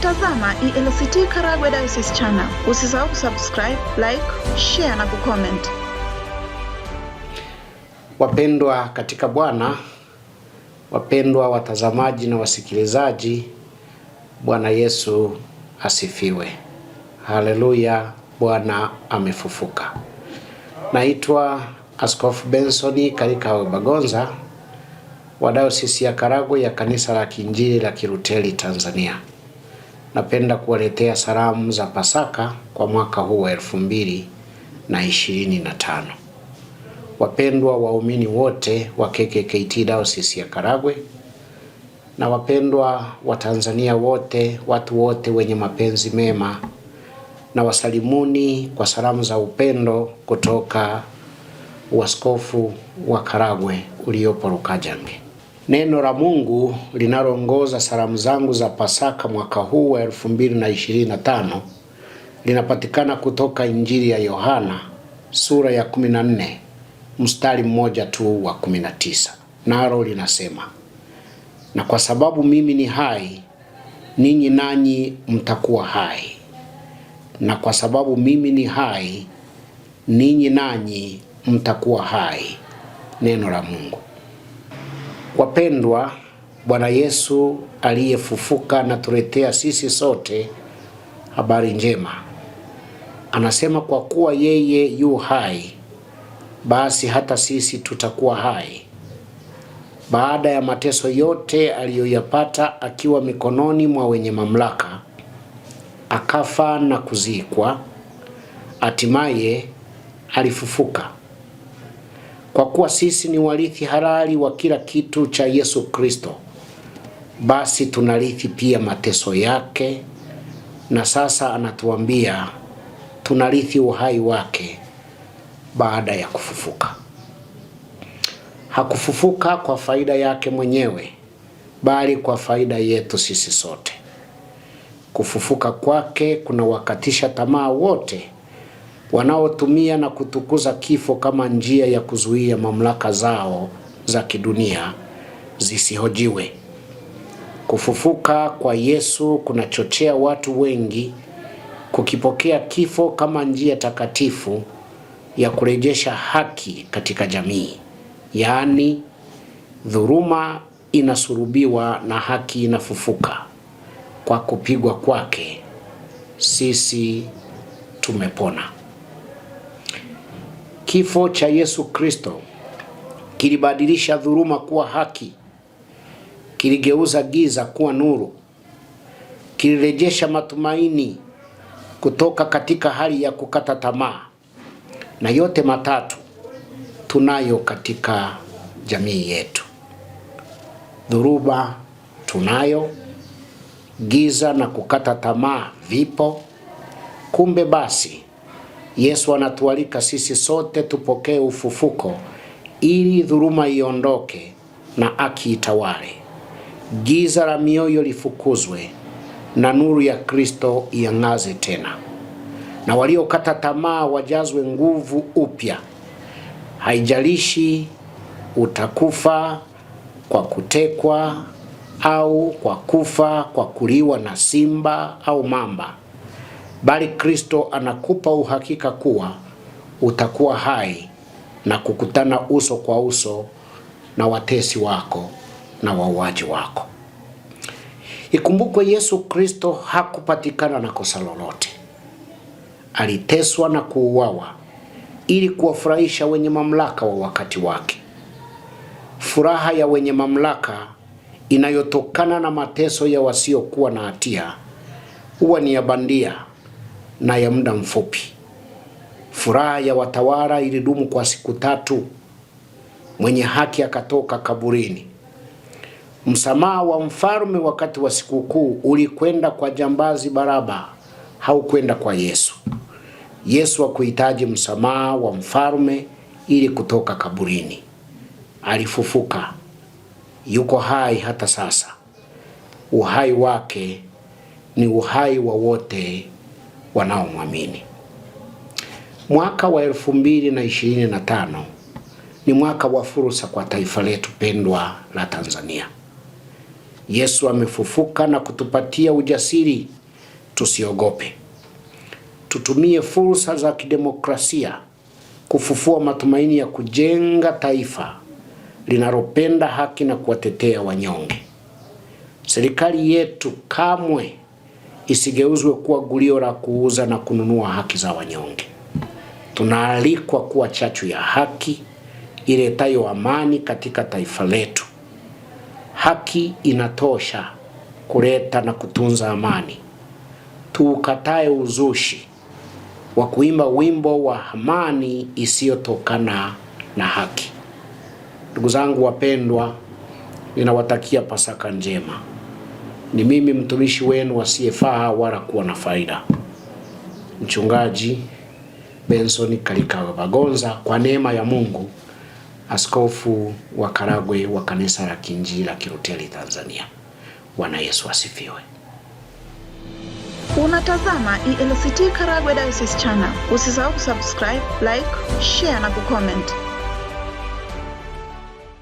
Unatazama ELCT Karagwe Diocese Channel. Usisahau kusubscribe, like, share na kucomment. Wapendwa katika Bwana, wapendwa watazamaji na wasikilizaji, Bwana Yesu asifiwe. Haleluya, Bwana amefufuka. Naitwa Askofu Benson Kalikawe Bagonza wa Dayosisi ya Karagwe ya Kanisa la kinjili la kiruteli Tanzania napenda kuwaletea salamu za Pasaka kwa mwaka huu wa elfu mbili na ishirini na tano. Wapendwa waumini wote wa KKKT Dayosisi ya Karagwe na wapendwa Watanzania wote, watu wote wenye mapenzi mema, na wasalimuni kwa salamu za upendo kutoka uaskofu wa Karagwe uliopo Rukajange. Neno la Mungu linaloongoza salamu zangu za Pasaka mwaka huu wa 2025 linapatikana kutoka Injili ya Yohana sura ya 14 mstari mmoja tu wa 19, nalo linasema, na kwa sababu mimi ni hai, ninyi nanyi mtakuwa hai, na kwa sababu mimi ni hai, ninyi nanyi mtakuwa hai. Neno la Mungu. Wapendwa, Bwana Yesu aliyefufuka na tuletea sisi sote habari njema, anasema kwa kuwa yeye yu hai, basi hata sisi tutakuwa hai. Baada ya mateso yote aliyoyapata akiwa mikononi mwa wenye mamlaka, akafa na kuzikwa, hatimaye alifufuka. Kwa kuwa sisi ni warithi halali wa kila kitu cha Yesu Kristo, basi tunarithi pia mateso yake, na sasa anatuambia tunarithi uhai wake baada ya kufufuka. Hakufufuka kwa faida yake mwenyewe, bali kwa faida yetu sisi sote. Kufufuka kwake kunawakatisha tamaa wote wanaotumia na kutukuza kifo kama njia ya kuzuia mamlaka zao za kidunia zisihojiwe. Kufufuka kwa Yesu kunachochea watu wengi kukipokea kifo kama njia takatifu ya kurejesha haki katika jamii. Yaani, dhuruma inasurubiwa na haki inafufuka. Kwa kupigwa kwake sisi tumepona. Kifo cha Yesu Kristo kilibadilisha dhuluma kuwa haki, kiligeuza giza kuwa nuru, kilirejesha matumaini kutoka katika hali ya kukata tamaa. Na yote matatu tunayo katika jamii yetu. Dhuruba tunayo, giza na kukata tamaa vipo. Kumbe basi Yesu anatualika sisi sote tupokee ufufuko ili dhuluma iondoke na aki itawale, giza la mioyo lifukuzwe na nuru ya Kristo iangaze tena, na waliokata tamaa wajazwe nguvu upya. Haijalishi utakufa kwa kutekwa au kwa kufa kwa kuliwa na simba au mamba bali Kristo anakupa uhakika kuwa utakuwa hai na kukutana uso kwa uso na watesi wako na wauaji wako. Ikumbukwe, Yesu Kristo hakupatikana na kosa lolote. Aliteswa na kuuawa ili kuwafurahisha wenye mamlaka wa wakati wake. Furaha ya wenye mamlaka inayotokana na mateso ya wasiokuwa na hatia huwa ni ya bandia na ya muda mfupi. Furaha ya watawala ilidumu kwa siku tatu. Mwenye haki akatoka kaburini. Msamaha wa mfalme wakati wa sikukuu ulikwenda kwa jambazi Baraba, haukwenda kwa Yesu. Yesu hakuhitaji msamaha wa mfalme ili kutoka kaburini. Alifufuka, yuko hai hata sasa. Uhai wake ni uhai wa wote wanaomwamini. Mwaka wa elfu mbili na ishirini na tano ni mwaka wa fursa kwa taifa letu pendwa la Tanzania. Yesu amefufuka na kutupatia ujasiri, tusiogope. Tutumie fursa za kidemokrasia kufufua matumaini ya kujenga taifa linalopenda haki na kuwatetea wanyonge. Serikali yetu kamwe isigeuzwe kuwa gulio la kuuza na kununua haki za wanyonge. Tunaalikwa kuwa chachu ya haki iletayo amani katika taifa letu. Haki inatosha kuleta na kutunza amani. Tuukatae uzushi wa kuimba wimbo wa amani isiyotokana na haki. Ndugu zangu wapendwa, ninawatakia Pasaka njema. Ni mimi mtumishi wenu asiyefaa wala kuwa na faida, Mchungaji Benson Kalikawa Bagonza, kwa neema ya Mungu, askofu wa Karagwe wa Kanisa la Kiinjili la Kilutheri Tanzania. Bwana Yesu asifiwe. Unatazama ELCT Karagwe Diocese Channel. Usisahau kusubscribe, like, share na kucomment.